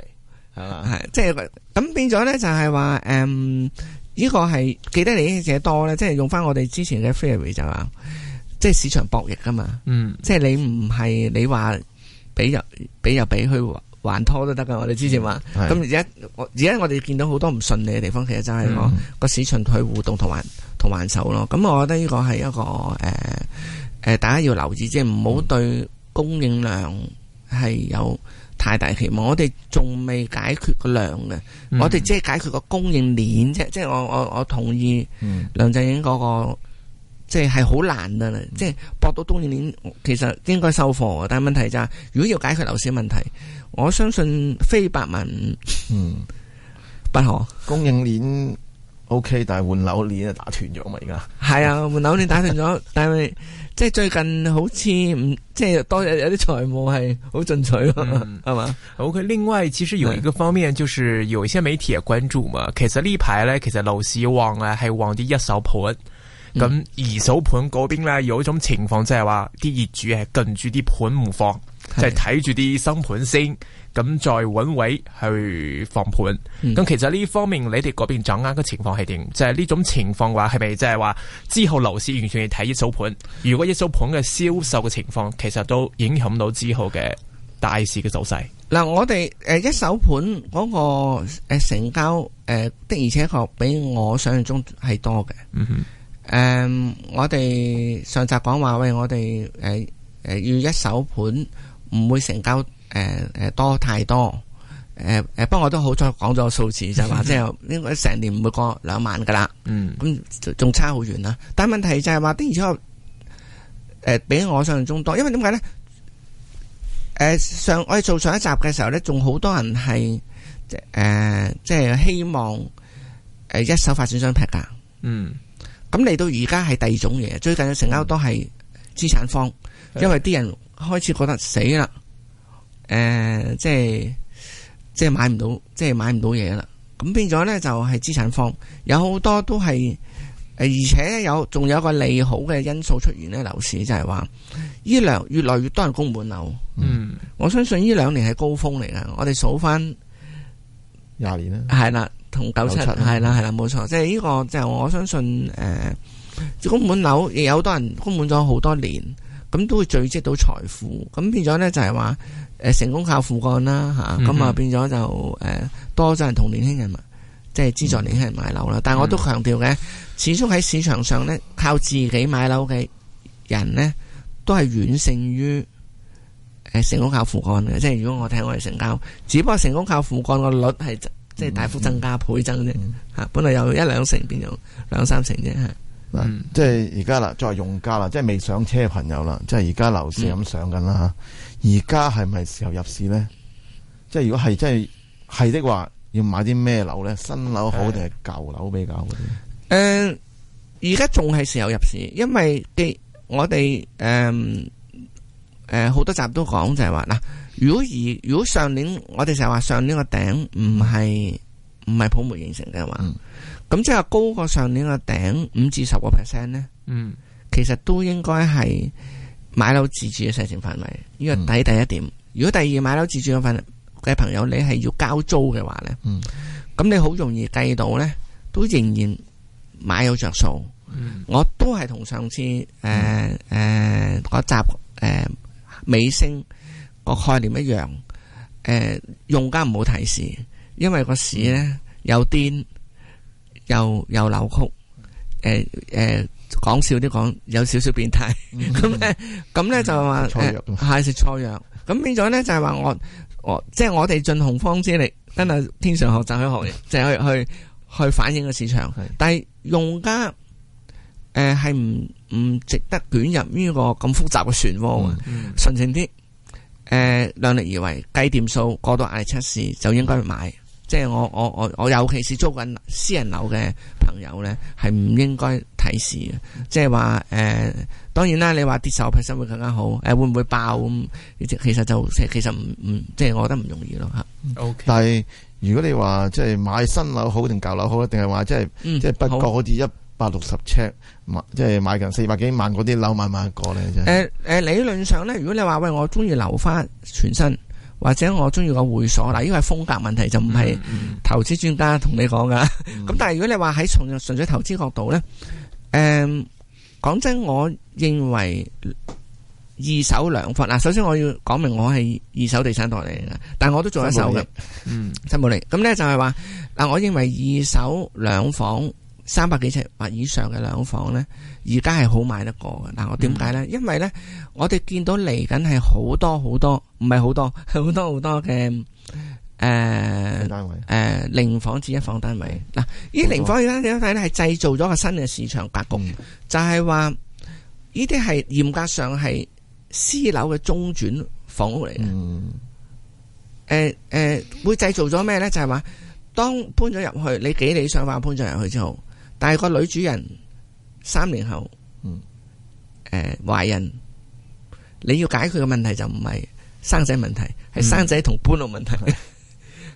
係嘛吧？係即係咁變咗咧，就係話誒。嗯呢個係記得你者多咧，即係用翻我哋之前嘅 theory 就係、是，即係市場博弈噶嘛，嗯，即係你唔係你話俾入俾入俾去還拖都得噶，我哋之前話，咁而家我而家我哋見到好多唔順利嘅地方，其實就係個、嗯、市場佢互動同還同還手咯，咁我覺得呢個係一個誒誒、呃呃，大家要留意，即係唔好對供應量係有。太大期望，我哋仲未解決個量嘅，嗯，我哋即係解決個供應鏈啫。即係我我我同意梁振英嗰，那個，即係係好難噶啦。即係博到供應鏈，其實應該收貨，但係問題就係，如果要解決樓市問題，我相信非八萬五，嗯，不可。供應鏈 OK，但係換樓鏈啊打斷咗嘛，而家係啊，換樓鏈打斷咗，但係。 (laughs) (laughs) 即係最近好似唔即係當日有啲財務係好進取咯，係嘛、嗯、 (laughs) 吧？OK，另外其實有一個方面，就是有一些媒體嘅關注嘛。其實呢排咧，其實樓市旺啊，係旺啲一手盤。咁二手盤嗰邊咧，有一種情況，即係話啲業主係近住啲盤唔放。即係睇住啲新盤先，咁再揾位去放盤。咁、嗯、其實呢方面你哋嗰邊掌握嘅情況係點？就係、是、呢種情況嘅話，係咪即係話之後樓市完全係睇一手盤？如果一手盤嘅銷售嘅情況，其實都影響到之後嘅大市嘅走勢。嗱、嗯，我哋誒一手盤嗰個誒成交誒、呃、的而且確比我想象中係多嘅。嗯哼，誒、呃、我哋上集講話喂，我哋誒誒要一手盤。唔會成交誒誒、呃、多太多，誒、呃、誒，不、呃、過、呃、我都好彩講咗個數字， (laughs) 就話即係應該成年唔會過兩萬噶啦。嗯，咁仲差好遠啦。但係問題就係話，的而且確誒比我想像中多，因為點解咧？誒、呃、上我哋做上一集嘅時候咧，仲好多人係誒、呃、即係希望誒一手發展商劈價噶。嗯，咁嚟、嗯、到而家係第二種嘢，最近嘅成交都係資產方，因為啲人。開始覺得死啦，誒、呃，即係即係買唔到，即係買唔到嘢啦。咁變咗咧就係資產荒，有好多都係誒，而且有仲有一個利好嘅因素出現咧，樓市就係、是、話，依兩越來越多人供滿樓。嗯，我相信呢兩年係高峰嚟啦。我哋數翻廿年啦，係啦，同九七係啦係啦，冇錯。即係呢個即係、就是、我相信誒、呃，供滿樓亦有好多人供滿咗好多年。咁都會聚積到財富，咁變咗呢，就係話，誒成功靠父幹啦吓，咁啊、嗯、哼變咗就誒、是呃、多咗人同年輕人即係資助年輕人買樓啦。嗯、哼但係我都強調嘅，始終喺市場上呢，靠自己買樓嘅人呢，都係遠勝於成功靠父幹嘅。即係如果我睇我哋成交，只不過成功靠父幹個率係即係大幅增加倍增啫吓，嗯、哼本來有一兩成變咗兩三成啫嗯、即係而家啦，作為用家啦，即係未上車嘅朋友啦，即係而家樓市咁上緊啦吓，而家係咪時候入市咧？即係如果係，即係係的話，要買啲咩樓咧？新樓好定係舊樓比較好咧？誒、嗯，而家仲係時候入市，因為嘅我哋誒誒好多集都講就係話嗱，如果而如果上年我哋成日話上年個頂唔係唔係泡沫形成嘅話。嗯咁即係高過上年個頂五至十個 percent 咧，嗯，其實都應該係買樓自住嘅射程範圍。呢個底第一點。如果第二買樓自住嘅份嘅朋友，你係要交租嘅話咧，嗯，咁你好容易計到咧，都仍然買有着數。嗯，我都係同上次誒誒嗰集誒尾聲個概念一樣。誒，用家唔好提示，因為個市咧有癲。又又扭曲，誒、呃、誒，講、呃、笑啲講，有少少變態，咁 (laughs) 咧、嗯，咁咧、嗯、就話說，係、嗯、食錯藥，咁、嗯、變咗咧就係話我我，即係我哋盡洪荒之力，跟住天上學習去學，就、嗯、去去去，去反映個市場，嗯、但係用家，誒係唔唔值得捲入呢個咁複雜嘅漩渦啊！純情啲，誒、呃、量力而為，計掂數，過到壓力測試就應該去買。嗯即係我我我我尤其是租緊私人樓嘅朋友咧，係唔應該提示嘅。即係話誒，當然啦，你話跌手 percent 會更加好，誒、呃、會唔會爆咁？其實就其實唔唔，即係我覺得唔容易咯吓。O K。但係如果你話即係買新樓好定舊樓好一定係話即係即係不過好似一百六十尺，即係買近四百幾萬嗰啲樓，買買過咧真。誒誒、呃呃，理論上咧，如果你話喂，我中意留翻全新。或者我中意個會所嗱，呢個係風格問題，就唔係投資專家同你講噶咁 (laughs) 但係如果你話喺從純粹投資角度呢，誒、嗯，講真，我認為二手兩房嗱，首先我要講明我係二手地產代理嚟噶但我都做一手嘅。嗯，真冇理。咁呢，就係話嗱，我認為二手兩房，三百幾尺或以上嘅兩房咧，而家係好買得過嘅。嗱，我點解咧？因為咧，我哋見到嚟緊係好多好多，唔係好多好多好多嘅誒，呃、單，單位誒、呃、零房至一房單位。嗱，呢零房一房單，單，單位咧係製造咗個新嘅市場格局，嗯、就係話呢啲係嚴格上係私樓嘅中轉房屋嚟嘅。嗯、誒誒，會製造咗咩咧？就係、是、話當搬咗入去，你幾理想化搬咗入去之後。但係個女主人三年後，誒懷孕，你要解決嘅問題就唔係生仔問題，係生仔同搬屋問題。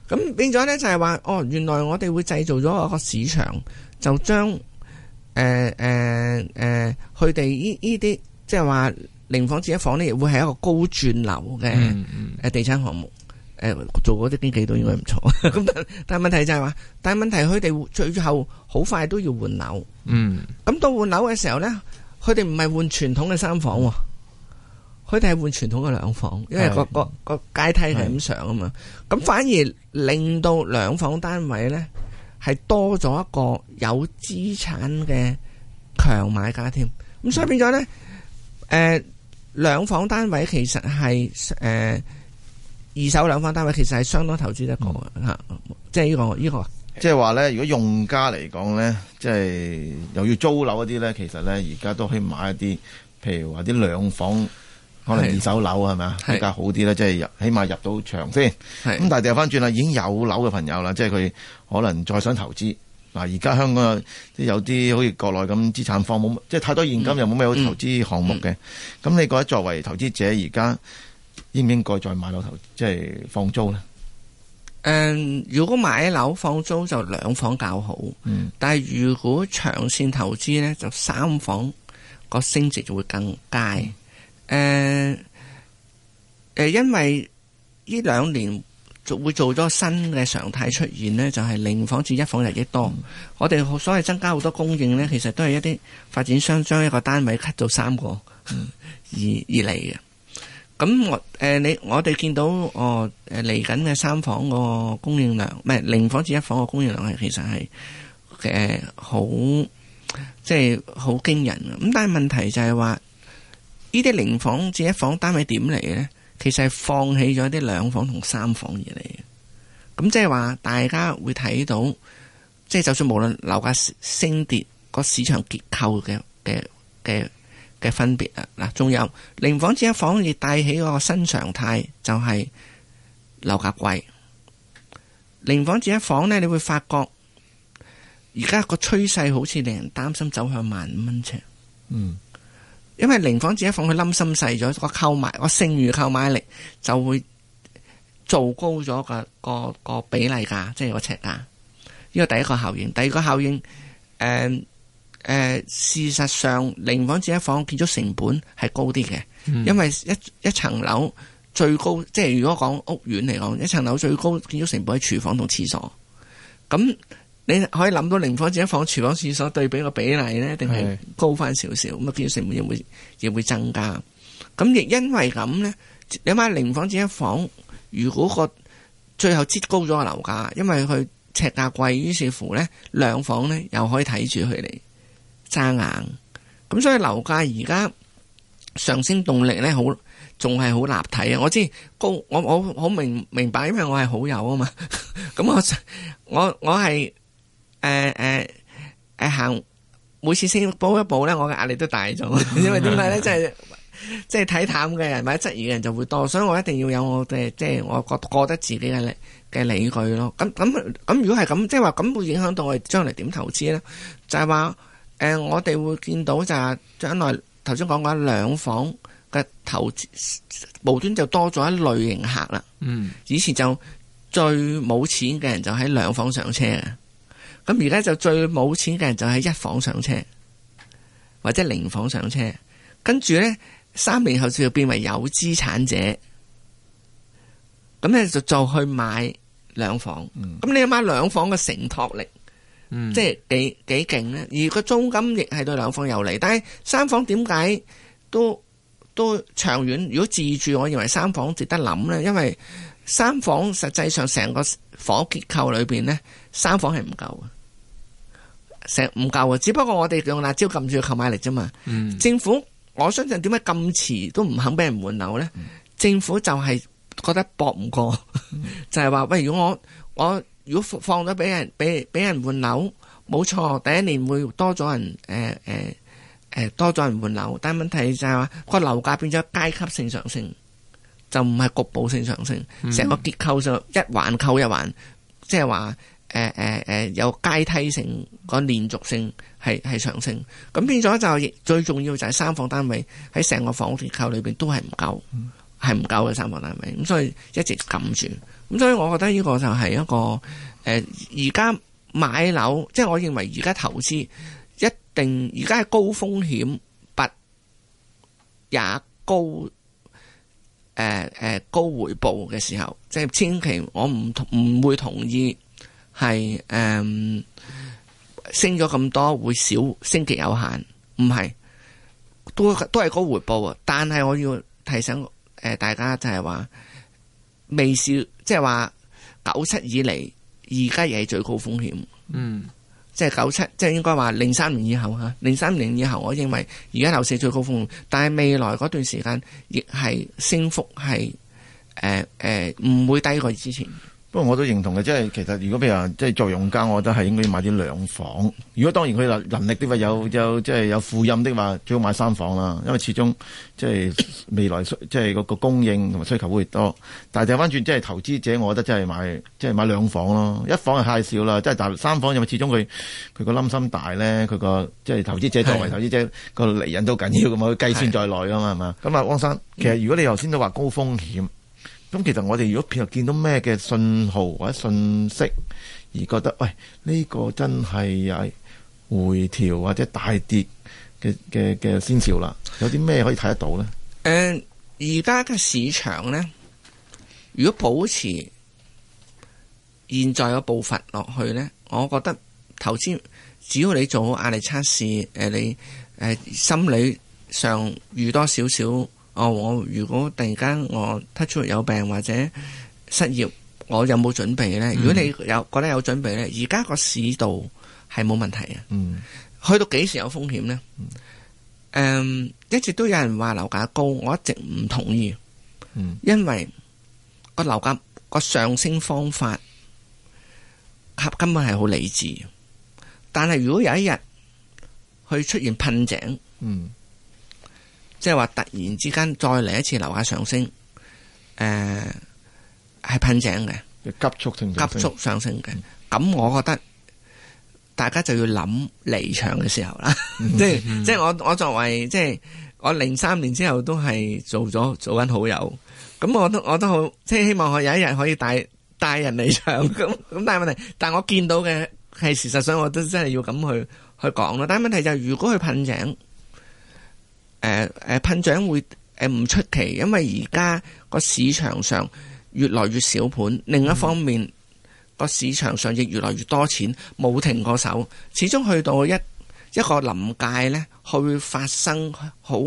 咁 (laughs) 變咗咧就係話，哦，原來我哋會製造咗一個市場，就將誒誒誒，佢哋呢呢啲即係話零房至一房咧，會係一個高轉流嘅誒地產項目。嗯嗯誒，做嗰啲經紀都應該唔錯。咁但係問題就係話，但係問題佢哋最後好快都要換樓。嗯，咁到換樓嘅時候呢，佢哋唔係換傳統嘅三房，佢哋係換傳統嘅兩房，因為個個個階梯係咁上啊嘛。咁反而令到兩房單位呢係多咗一個有資產嘅強買家添。咁所以變咗呢，誒，兩房單位其實係誒。二手兩房單位其實係相當投資一個、嗯、啊，即係呢個呢個，這個、即係話咧，如果用家嚟講咧，即係又要租樓嗰啲咧，其實咧而家都可以買一啲，譬如話啲兩房，可能二手樓係咪啊，比較是好啲咧，是即係入起碼入到場先。咁是但係掉翻轉啦，已經有樓嘅朋友啦，即係佢可能再想投資嗱，而家香港有啲有啲好似國內咁資產荒，冇即係太多現金又冇咩好投資項目嘅，咁、嗯嗯、你覺得作為投資者而家？現在現在應唔應該再買樓投即係放租呢？誒、嗯，如果買樓放租就兩房較好，嗯，但係如果長線投資呢，就三房個升值就會更佳，誒、嗯、誒，因為呢兩年就會做咗新嘅常態出現呢就係、是、零房至一房日益多。嗯、我哋所謂增加好多供應呢，其實都係一啲發展商將一個單位 cut 到三個而、嗯、而嚟嘅。咁我誒你我哋見到哦誒嚟緊嘅三房個供應量，唔係零房至一房個供應量係其實係誒、呃、好即係好驚人嘅。咁但係問題就係話，呢啲零房至一房單位點嚟嘅咧？其實係放棄咗一啲兩房同三房而嚟嘅。咁即係話大家會睇到，即係就算無論樓價升跌，個市場結構嘅嘅嘅嘅分別啊！嗱，仲有零房至一房而帶起個新常態，就係樓價貴。零房至一房咧，你會發覺而家個趨勢好似令人擔心走向萬五蚊尺。嗯，因為零房至一房佢冧心細咗，個購買個剩餘購買力就會做高咗個個個比例價，即係個尺價。呢個第一個效應，第二個效應，誒、呃。誒，事實上零房置一房建築成本係高啲嘅，嗯、因為一一層樓最高，即係如果講屋苑嚟講，一層樓最高建築成本喺廚房同廁所。咁你可以諗到零房置一房廚房、廁所對比個比例呢，定係高翻少少，咁啊建築成本又會亦會增加。咁亦因為咁呢，你買零房置一房，如果個最後擠高咗個樓價，因為佢呎價貴，於是乎呢，兩房呢又可以睇住佢嚟。爭硬，咁所以樓價而家上升動力咧，好仲係好立體啊！我知高，我我好明明白，因為我係好友啊嘛。咁 (laughs) 我我我係誒誒誒行，每次升補一步咧，我嘅壓力都大咗。因為點解咧，即係即係睇淡嘅人，或者質疑嘅人就會多，所以我一定要有我嘅即係我覺覺得自己嘅理嘅理據咯。咁咁咁如果係咁，即係話咁會影響到我哋將來點投資咧？就係話。誒、呃，我哋會見到就係將來頭先講過，兩房嘅投資無端就多咗一類型客啦。嗯，以前就最冇錢嘅人就喺兩房上車嘅，咁而家就最冇錢嘅人就喺一房上車，或者零房上車，跟住咧三年後就要變為有資產者，咁咧就就去買兩房。咁、嗯、你諗下兩房嘅承托力？即係幾幾勁咧，而個租金亦係對兩房有利，但係三房點解都都長遠？如果自住，我認為三房值得諗呢，因為三房實際上成個房屋結構裏邊咧，三房係唔夠嘅，成唔夠嘅。只不過我哋用辣椒撳住去購買力啫嘛。嗯、政府我相信點解咁遲都唔肯俾人換樓呢？嗯、政府就係覺得搏唔過，嗯、 (laughs) 就係話喂，如果我我。如果放咗俾人俾俾人換樓，冇錯，第一年會多咗人，誒誒誒多咗人換樓。但係問題就係話個樓價變咗階級性上升，就唔係局部性上升，成、嗯、個結構上一環扣一環，即係話誒誒誒有階梯性、個連續性係係上升。咁變咗就最重要就係三房單位喺成個房屋結構裏邊都係唔夠，係唔、嗯、夠嘅三房單位，咁所以一直撳住。咁所以，我覺得呢個就係一個誒，而、呃、家買樓，即係我認為而家投資一定，而家係高風險不也高誒誒、呃呃、高回報嘅時候，即係千祈我唔同唔會同意係誒、呃、升咗咁多會少升極有限，唔係都都係高回報啊！但係我要提醒誒大家就係話。未少，即係話九七以嚟，而家亦係最高風險。嗯，即係九七，即係應該話零三年以後吓，零三年以後，以後我認為而家樓市最高風險，但係未來嗰段時間亦係升幅係，誒、呃、誒，唔會低過之前。因我都認同嘅，即係其實如果譬如話，即係作用家，我覺得係應該要買啲兩房。如果當然佢能能力的話，有有即係、就是、有負擔的話，最好買三房啦。因為始終即係、就是、未來即係個個供應同埋需求會越多。但係掉翻轉，即、就、係、是投，就是就是、投，投資者，我覺得即係買即係買兩房咯。一房係太少啦，即係但三房因為始終佢佢個冧心大咧，佢個即係投資者作為投資者個利潤都緊要嘅嘛，計算在內啊嘛，係嘛？咁啊，汪生，其實如果你頭先都話高風險。咁其實我哋如果譬如見到咩嘅信號或者信息，而覺得喂，呢個真係係回調或者大跌嘅嘅嘅先兆啦，有啲咩可以睇得到呢？呃，誒，而家嘅市場呢，如果保持現在嘅步伐落去呢，我覺得投資只要你做好壓力測試，誒、呃、你誒、呃、心理上預多少少。哦，我如果突然間我突出有病或者失業，我有冇準備呢？嗯、如果你有覺得有準備、嗯、有呢，而家個市道係冇問題嘅。嗯，去到幾時有風險呢？嗯，一直都有人話樓價高，我一直唔同意。嗯、因為個樓價個上升方法，合根本係好理智。但係如果有一日去出現噴井，嗯。即係話突然之間再嚟一次樓價上升，誒係噴井嘅，急速，急速上升，急速上升嘅。咁我覺得大家就要諗離場嘅時候啦。 (laughs) 即係即係我我作為即係我零三年之後都係做咗做緊好友，咁我都我都好即係希望我有一日可以帶帶人離場。咁咁但係問題，但我見到嘅係事實上我都真係要咁去去講咯。但係問題就係如果佢噴井。誒誒，噴、呃、井會誒唔、呃、出奇，因為而家個市場上越來越少盤，嗯、另一方面個市場上亦越來越多錢冇停過手，始終去到一一個臨界咧，去發生好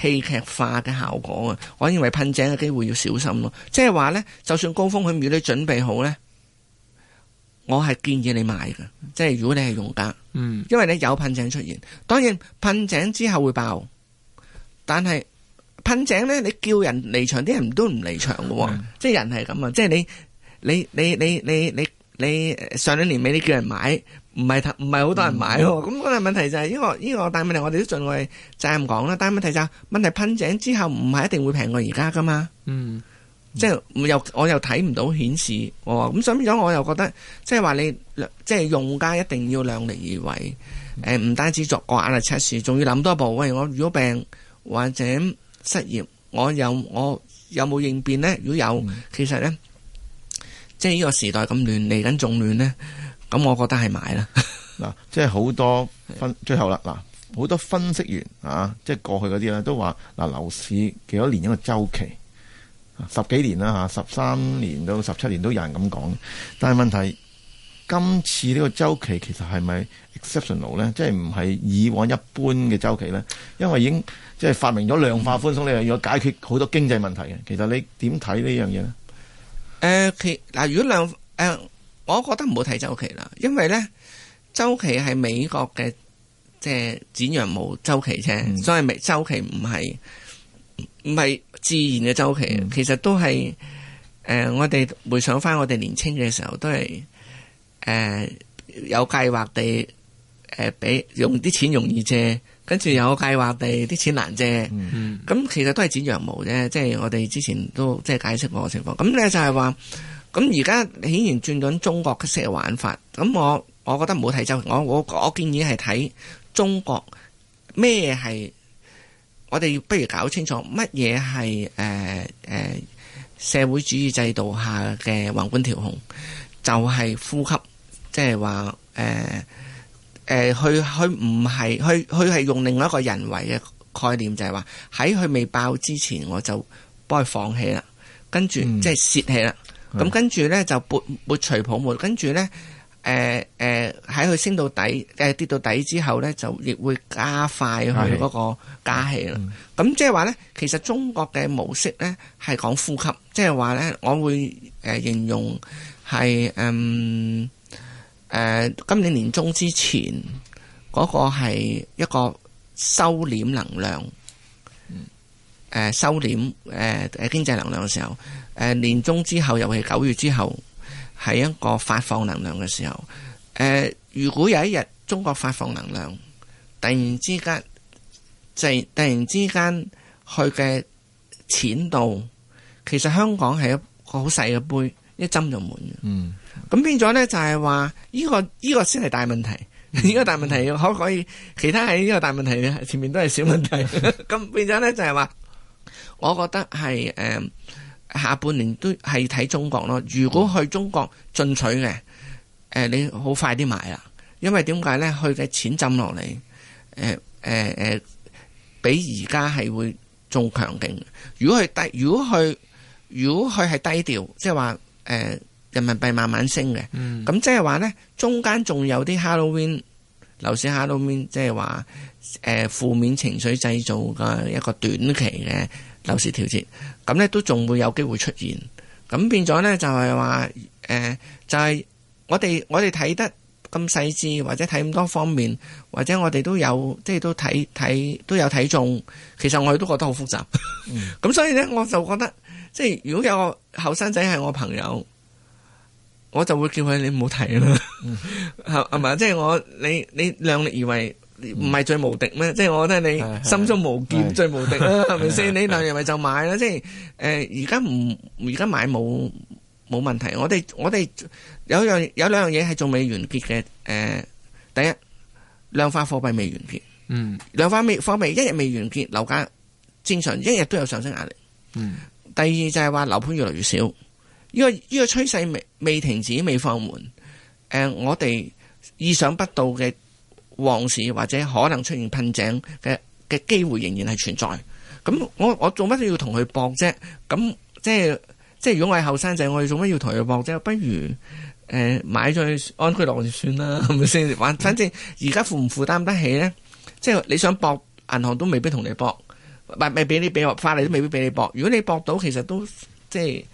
戲劇化嘅效果啊！我認為噴井嘅機會要小心咯，即係話咧，就算高峰佢唔要你準備好咧，我係建議你買㗎，即係如果你係用家，嗯，因為咧有噴井出現，當然噴井之後會爆。但係噴井咧，你叫人離場，啲人都唔離場嘅喎、哦 mm.，即係人係咁啊。即係你你你你你你你上一年尾你叫人買，唔係唔係好多人買咯、哦。咁嗰、mm. 嗯那個問題就係、是、呢、這個呢、這個大問題，我哋都盡量就係唔講啦。但係問題就係、是、問題噴井之後唔係一定會平過而家㗎嘛，mm. 即係又我又睇唔到顯示喎。咁、嗯、所以咗，我又覺得即係話你即係用家一定要量力而為。誒、mm. 嗯，唔單止作個眼嘅測試，仲要諗多步。喂，我如果病。或者失業，我有我有冇應變呢？如果有，嗯、其實呢，即係呢個時代咁亂，嚟緊仲亂呢，咁我覺得係買啦。嗱，即係好多分最後啦，嗱，好多分析員啊，即係過去嗰啲咧都話，嗱，樓市幾多年一個周期，十幾年啦嚇，十三年到十七年都有人咁講，但係問題。今次呢個周期其實係咪 exceptional 咧？即係唔係以往一般嘅周期咧？因為已經即係發明咗量化寬鬆呢，又要解決好多經濟問題嘅。其實你點睇呢樣嘢咧？誒、呃、其嗱、呃，如果量誒、呃，我覺得唔好睇周期啦，因為咧周期係美國嘅即係剪羊毛周期啫，嗯、所以咪周期唔係唔係自然嘅周期，嗯、其實都係誒、呃、我哋回想翻我哋年青嘅時候都係。誒、呃，有計劃地誒，俾、呃、用啲錢容易借，跟住有計劃地啲錢難借。咁、嗯、哼其實都係剪羊毛啫，即、就、係、是、我哋之前都即係解釋過嘅情況。咁咧就係話，咁而家顯然轉緊中國式嘅玩法。咁我我覺得唔好睇周期，我我我建議係睇中國咩係？我哋不如搞清楚乜嘢係誒誒社會主義制度下嘅宏觀調控，就係、是、呼吸。即係話誒誒，佢佢唔係，佢佢係用另外一個人為嘅概念就，就係話喺佢未爆之前，我就幫佢放氣啦，跟住、嗯、即係泄氣啦。咁是的 跟住咧就撥撥除泡沫，跟住咧誒誒，喺、呃、佢、呃、升到底誒、呃、跌到底之後咧，就亦會加快佢嗰個加氣啦。咁即係話咧，其實中國嘅模式咧係講呼吸，即係話咧我會誒形容係嗯。誒、呃，今年年中之前嗰、那個係一個收斂能量，誒、呃、收斂，誒、呃、誒經濟能量嘅時候，誒、呃、年中之後尤其九月之後係一個發放能量嘅時候。誒、呃，如果有一日中國發放能量，突然之間，就係突然之間佢嘅錢度，其實香港係一個好細嘅杯，一斟就滿嘅。嗯咁變咗咧，就係話呢個依、這個先係大問題，呢、這個大問題可唔可以，其他係呢個大問題前面都係小問題。咁 (laughs) 變咗咧，就係、是、話，我覺得係誒、呃、下半年都係睇中國咯。如果去中國進取嘅，誒、呃、你好快啲買啦，因為點解咧？佢嘅錢浸落嚟，誒誒誒，比而家係會仲強勁。如果佢低，如果佢，如果佢係低調，即係話誒。呃人民幣慢慢升嘅，咁、嗯、即係話咧，中間仲有啲 Halloween 樓市 Halloween，即係話誒負面情緒製造嘅一個短期嘅樓市調節，咁咧都仲會有機會出現。咁變咗咧就係話，誒、呃、就係、是、我哋我哋睇得咁細緻，或者睇咁多方面，或者我哋都有即係都睇睇都有睇中，其實我哋都覺得好複雜。咁、嗯、 (laughs) 所以咧，我就覺得即係如果有個後生仔係我朋友。我就會叫佢你唔好睇啦，係咪？即係我你你，你量力而為，唔係最無敵咩？即係我覺得你心中無劍最無敵啦，係咪先？你量力而為就買啦，即係誒而家唔而家買冇冇問題。我哋我哋有樣有兩樣嘢係仲未完結嘅誒、呃，第一量化貨幣未完結，嗯，量化未貨幣一日未完結，樓價正常一日都有上升壓力，嗯。第二就係話樓盤越來越少。呢個呢個趨勢未未停止，未放緩。誒、呃，我哋意想不到嘅旺市或者可能出現噴井嘅嘅機會仍然係存在。咁我我做乜要同佢博啫？咁即係即係，如果我係後生仔，我哋做乜要同佢博啫？不如誒、呃、買咗安居樂就算啦，係咪先？反反正而家負唔負擔得起咧？即係你想博銀行都未必同你博，唔咪唔咪俾你俾發嚟都未必俾你博。如果你博到，其實都即係。即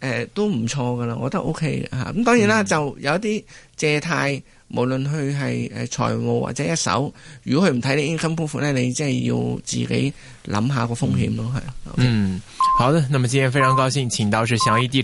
誒、呃，都唔錯噶啦，我覺得 O K 吓。咁、嗯、當然啦，就有一啲借貸，無論佢係誒財務或者一手，如果佢唔睇你 income proof 呢，你即係要自己諗下個風險咯，係。OK? 嗯，好的。那麼今天非常高興，請到是祥益地。